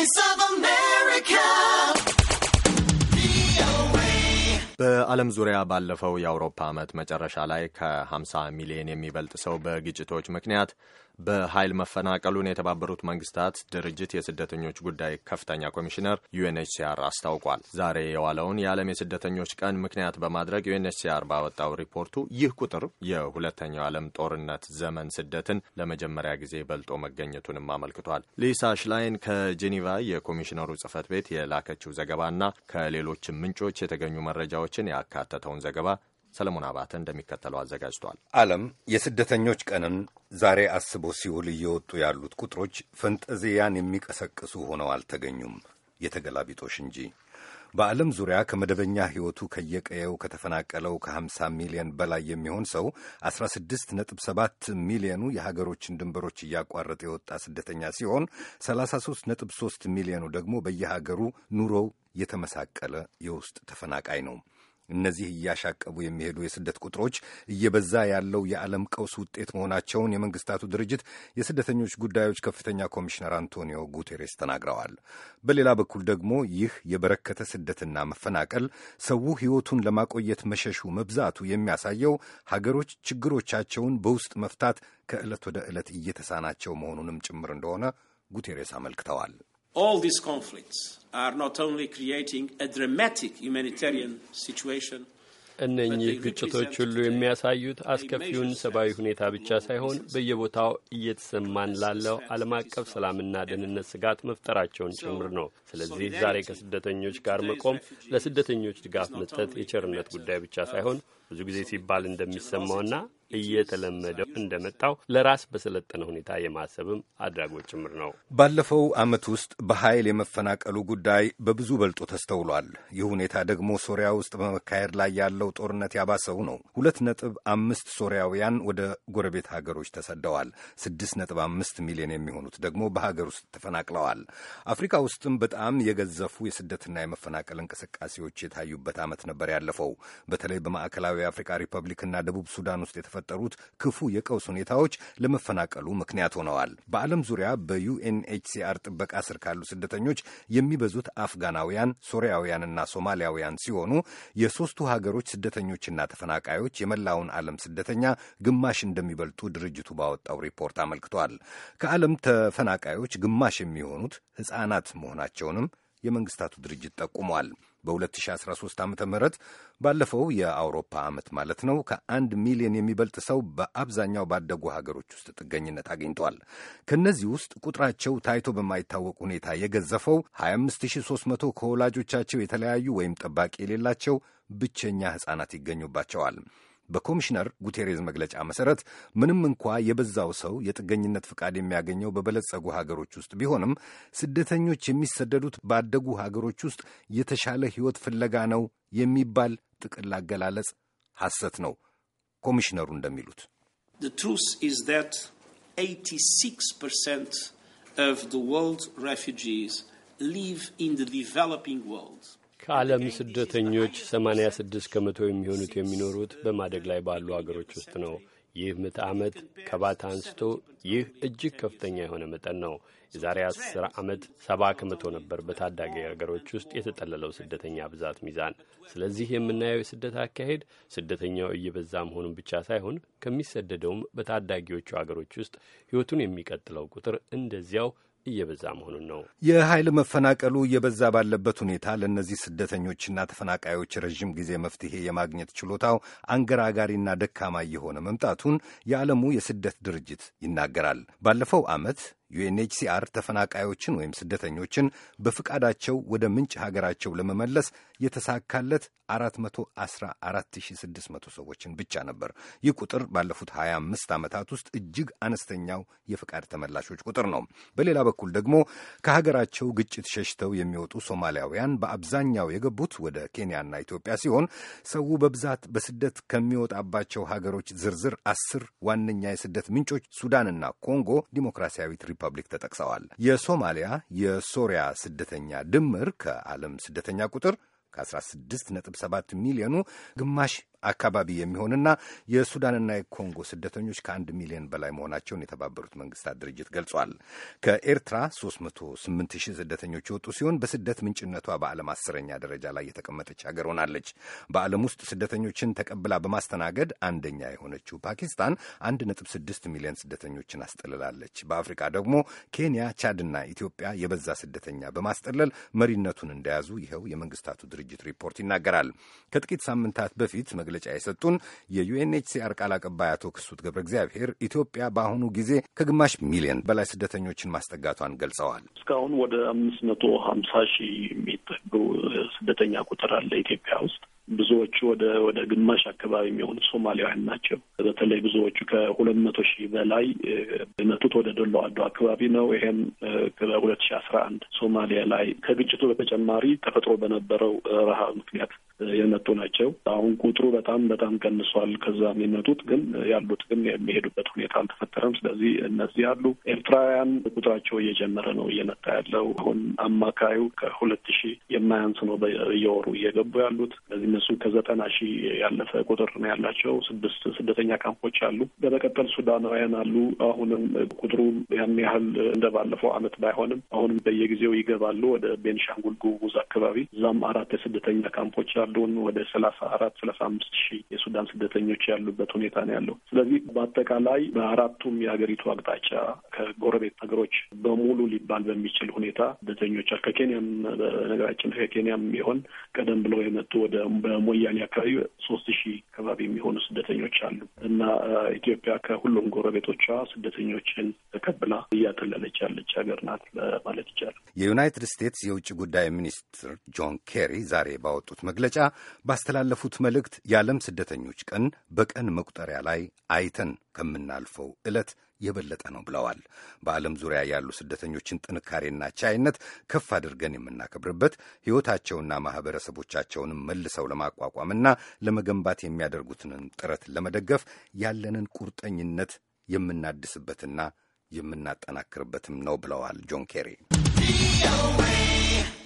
Voice of America. በዓለም ዙሪያ ባለፈው የአውሮፓ ዓመት መጨረሻ ላይ ከ50 ሚሊዮን የሚበልጥ ሰው በግጭቶች ምክንያት በኃይል መፈናቀሉን የተባበሩት መንግስታት ድርጅት የስደተኞች ጉዳይ ከፍተኛ ኮሚሽነር ዩኤንኤችሲአር አስታውቋል። ዛሬ የዋለውን የዓለም የስደተኞች ቀን ምክንያት በማድረግ ዩኤንኤችሲአር ባወጣው ሪፖርቱ ይህ ቁጥር የሁለተኛው ዓለም ጦርነት ዘመን ስደትን ለመጀመሪያ ጊዜ በልጦ መገኘቱንም አመልክቷል። ሊሳ ሽላይን ከጄኔቫ የኮሚሽነሩ ጽህፈት ቤት የላከችው ዘገባና ከሌሎችም ምንጮች የተገኙ መረጃዎችን ያካተተውን ዘገባ ሰለሞን አባተ እንደሚከተለው አዘጋጅቷል። ዓለም የስደተኞች ቀንን ዛሬ አስቦ ሲውል እየወጡ ያሉት ቁጥሮች ፈንጠዚያን የሚቀሰቅሱ ሆነው አልተገኙም፣ የተገላቢጦሽ እንጂ። በዓለም ዙሪያ ከመደበኛ ሕይወቱ ከየቀየው ከተፈናቀለው ከ50 ሚሊዮን በላይ የሚሆን ሰው 16.7 ሚሊዮኑ የሀገሮችን ድንበሮች እያቋረጠ የወጣ ስደተኛ ሲሆን 33.3 ሚሊዮኑ ደግሞ በየሀገሩ ኑሮው የተመሳቀለ የውስጥ ተፈናቃይ ነው። እነዚህ እያሻቀቡ የሚሄዱ የስደት ቁጥሮች እየበዛ ያለው የዓለም ቀውስ ውጤት መሆናቸውን የመንግስታቱ ድርጅት የስደተኞች ጉዳዮች ከፍተኛ ኮሚሽነር አንቶኒዮ ጉቴሬስ ተናግረዋል። በሌላ በኩል ደግሞ ይህ የበረከተ ስደትና መፈናቀል ሰው ሕይወቱን ለማቆየት መሸሹ መብዛቱ የሚያሳየው ሀገሮች ችግሮቻቸውን በውስጥ መፍታት ከዕለት ወደ ዕለት እየተሳናቸው መሆኑንም ጭምር እንደሆነ ጉቴሬስ አመልክተዋል። All these conflicts are not only creating a dramatic humanitarian situation, እነኚህ ግጭቶች ሁሉ የሚያሳዩት አስከፊውን ሰብአዊ ሁኔታ ብቻ ሳይሆን በየቦታው እየተሰማን ላለው ዓለም አቀፍ ሰላምና ደህንነት ስጋት መፍጠራቸውን ጭምር ነው። ስለዚህ ዛሬ ከስደተኞች ጋር መቆም፣ ለስደተኞች ድጋፍ መስጠት የቸርነት ጉዳይ ብቻ ሳይሆን ብዙ ጊዜ ሲባል እንደሚሰማውና እየተለመደው እንደመጣው ለራስ በሰለጠነ ሁኔታ የማሰብም አድራጎት ጭምር ነው። ባለፈው ዓመት ውስጥ በኃይል የመፈናቀሉ ጉዳይ በብዙ በልጦ ተስተውሏል። ይህ ሁኔታ ደግሞ ሶሪያ ውስጥ በመካሄድ ላይ ያለው ጦርነት ያባሰው ነው። ሁለት ነጥብ አምስት ሶሪያውያን ወደ ጎረቤት ሀገሮች ተሰደዋል። ስድስት ነጥብ አምስት ሚሊዮን የሚሆኑት ደግሞ በሀገር ውስጥ ተፈናቅለዋል። አፍሪካ ውስጥም በጣም የገዘፉ የስደትና የመፈናቀል እንቅስቃሴዎች የታዩበት ዓመት ነበር ያለፈው። በተለይ በማዕከላዊ አፍሪካ ሪፐብሊክና ደቡብ ሱዳን ውስጥ የተፈጠሩት ክፉ የቀውስ ሁኔታዎች ለመፈናቀሉ ምክንያት ሆነዋል። በዓለም ዙሪያ በዩኤንኤችሲአር ጥበቃ ስር ካሉ ስደተኞች የሚበዙት አፍጋናውያን፣ ሶሪያውያንና ሶማሊያውያን ሲሆኑ የሦስቱ ሀገሮች ስደተኞችና ተፈናቃዮች የመላውን ዓለም ስደተኛ ግማሽ እንደሚበልጡ ድርጅቱ ባወጣው ሪፖርት አመልክቷል። ከዓለም ተፈናቃዮች ግማሽ የሚሆኑት ሕፃናት መሆናቸውንም የመንግስታቱ ድርጅት ጠቁሟል። በ2013 ዓ ም ባለፈው የአውሮፓ ዓመት ማለት ነው ከአንድ ሚሊዮን የሚበልጥ ሰው በአብዛኛው ባደጉ ሀገሮች ውስጥ ጥገኝነት አግኝቷል። ከእነዚህ ውስጥ ቁጥራቸው ታይቶ በማይታወቅ ሁኔታ የገዘፈው 25300 ከወላጆቻቸው የተለያዩ ወይም ጠባቂ የሌላቸው ብቸኛ ሕፃናት ይገኙባቸዋል። በኮሚሽነር ጉቴሬዝ መግለጫ መሰረት ምንም እንኳ የበዛው ሰው የጥገኝነት ፍቃድ የሚያገኘው በበለጸጉ ሀገሮች ውስጥ ቢሆንም ስደተኞች የሚሰደዱት ባደጉ ሀገሮች ውስጥ የተሻለ ሕይወት ፍለጋ ነው የሚባል ጥቅል አገላለጽ ሐሰት ነው። ኮሚሽነሩ እንደሚሉት ከዓለም ስደተኞች 86 ከመቶ የሚሆኑት የሚኖሩት በማደግ ላይ ባሉ አገሮች ውስጥ ነው። ይህ ምት ዓመት ከባት አንስቶ ይህ እጅግ ከፍተኛ የሆነ መጠን ነው። የዛሬ 10 ዓመት 70 ከመቶ ነበር በታዳጊ አገሮች ውስጥ የተጠለለው ስደተኛ ብዛት ሚዛን። ስለዚህ የምናየው የስደት አካሄድ ስደተኛው እየበዛ መሆኑን ብቻ ሳይሆን ከሚሰደደውም በታዳጊዎቹ አገሮች ውስጥ ሕይወቱን የሚቀጥለው ቁጥር እንደዚያው እየበዛ መሆኑን ነው። የኃይል መፈናቀሉ እየበዛ ባለበት ሁኔታ ለእነዚህ ስደተኞችና ተፈናቃዮች ረዥም ጊዜ መፍትሄ የማግኘት ችሎታው አንገራጋሪና ደካማ እየሆነ መምጣቱን የዓለሙ የስደት ድርጅት ይናገራል። ባለፈው ዓመት ዩኤንኤችሲአር ተፈናቃዮችን ወይም ስደተኞችን በፍቃዳቸው ወደ ምንጭ ሀገራቸው ለመመለስ የተሳካለት 414600 ሰዎችን ብቻ ነበር። ይህ ቁጥር ባለፉት 25 ዓመታት ውስጥ እጅግ አነስተኛው የፍቃድ ተመላሾች ቁጥር ነው። በሌላ በኩል ደግሞ ከሀገራቸው ግጭት ሸሽተው የሚወጡ ሶማሊያውያን በአብዛኛው የገቡት ወደ ኬንያና ኢትዮጵያ ሲሆን ሰው በብዛት በስደት ከሚወጣባቸው ሀገሮች ዝርዝር አስር ዋነኛ የስደት ምንጮች ሱዳንና ኮንጎ ዲሞክራሲያዊት ሪፐብሊክ ተጠቅሰዋል። የሶማሊያ የሶሪያ ስደተኛ ድምር ከዓለም ስደተኛ ቁጥር ከ16.7 ሚሊዮኑ ግማሽ አካባቢ የሚሆንና የሱዳንና የኮንጎ ስደተኞች ከአንድ ሚሊዮን በላይ መሆናቸውን የተባበሩት መንግስታት ድርጅት ገልጿል። ከኤርትራ 308 ሺህ ስደተኞች የወጡ ሲሆን በስደት ምንጭነቷ በዓለም አስረኛ ደረጃ ላይ የተቀመጠች ሀገር ሆናለች። በዓለም ውስጥ ስደተኞችን ተቀብላ በማስተናገድ አንደኛ የሆነችው ፓኪስታን 1.6 ሚሊዮን ስደተኞችን አስጠልላለች። በአፍሪካ ደግሞ ኬንያ፣ ቻድና ኢትዮጵያ የበዛ ስደተኛ በማስጠለል መሪነቱን እንደያዙ ይኸው የመንግስታቱ ድርጅት ሪፖርት ይናገራል። ከጥቂት ሳምንታት በፊት መግለጫ የሰጡን የዩኤንኤችሲአር ቃል አቀባይ አቶ ክሱት ገብረ እግዚአብሔር ኢትዮጵያ በአሁኑ ጊዜ ከግማሽ ሚሊዮን በላይ ስደተኞችን ማስጠጋቷን ገልጸዋል። እስካሁን ወደ አምስት መቶ ሀምሳ ሺህ የሚጠጉ ስደተኛ ቁጥር አለ ኢትዮጵያ ውስጥ። ብዙዎቹ ወደ ወደ ግማሽ አካባቢ የሚሆኑ ሶማሊያውያን ናቸው። በተለይ ብዙዎቹ ከሁለት መቶ ሺህ በላይ የመጡት ወደ ዶሎ አዶ አካባቢ ነው። ይሄም በሁለት ሺህ አስራ አንድ ሶማሊያ ላይ ከግጭቱ በተጨማሪ ተፈጥሮ በነበረው ረሃብ ምክንያት የመጡ ናቸው። አሁን ቁጥሩ በጣም በጣም ቀንሷል። ከዛ የሚመጡት ግን ያሉት ግን የሚሄዱበት ሁኔታ አለ። አልተፈጠረም። ስለዚህ እነዚህ ያሉ ኤርትራውያን ቁጥራቸው እየጨመረ ነው እየመጣ ያለው። አሁን አማካዩ ከሁለት ሺህ የማያንስ ነው በየወሩ እየገቡ ያሉት። ስለዚህ እነሱ ከዘጠና ሺህ ያለፈ ቁጥር ነው ያላቸው። ስድስት ስደተኛ ካምፖች አሉ። በመቀጠል ሱዳናውያን አሉ። አሁንም ቁጥሩ ያን ያህል እንደ ባለፈው አመት ባይሆንም አሁንም በየጊዜው ይገባሉ። ወደ ቤንሻንጉል ጉሙዝ አካባቢ እዛም አራት የስደተኛ ካምፖች አሉን። ወደ ሰላሳ አራት ሰላሳ አምስት ሺህ የሱዳን ስደተኞች ያሉበት ሁኔታ ነው ያለው። ስለዚህ በአጠቃላይ በአራቱም የሀገሪቱ አቅጣጫ ከጎረቤት ሀገሮች በሙሉ ሊባል በሚችል ሁኔታ ስደተኞች ከኬንያም በነገራችን ከኬንያም ቢሆን ቀደም ብለው የመጡ ወደ በሞያኔ አካባቢ ሶስት ሺህ አካባቢ የሚሆኑ ስደተኞች አሉ እና ኢትዮጵያ ከሁሉም ጎረቤቶቿ ስደተኞችን ተቀብላ እያጠለለች ያለች ሀገር ናት ማለት ይቻላል። የዩናይትድ ስቴትስ የውጭ ጉዳይ ሚኒስትር ጆን ኬሪ ዛሬ ባወጡት መግለጫ ባስተላለፉት መልእክት የዓለም ስደተኞች ቀን በቀን መቁጠሪያ ላይ አይተን ከምናልፈው ዕለት የበለጠ ነው ብለዋል። በዓለም ዙሪያ ያሉ ስደተኞችን ጥንካሬና ቻይነት ከፍ አድርገን የምናከብርበት ሕይወታቸውና ማኅበረሰቦቻቸውንም መልሰው ለማቋቋምና ለመገንባት የሚያደርጉትንም ጥረት ለመደገፍ ያለንን ቁርጠኝነት የምናድስበትና የምናጠናክርበትም ነው ብለዋል ጆን ኬሪ።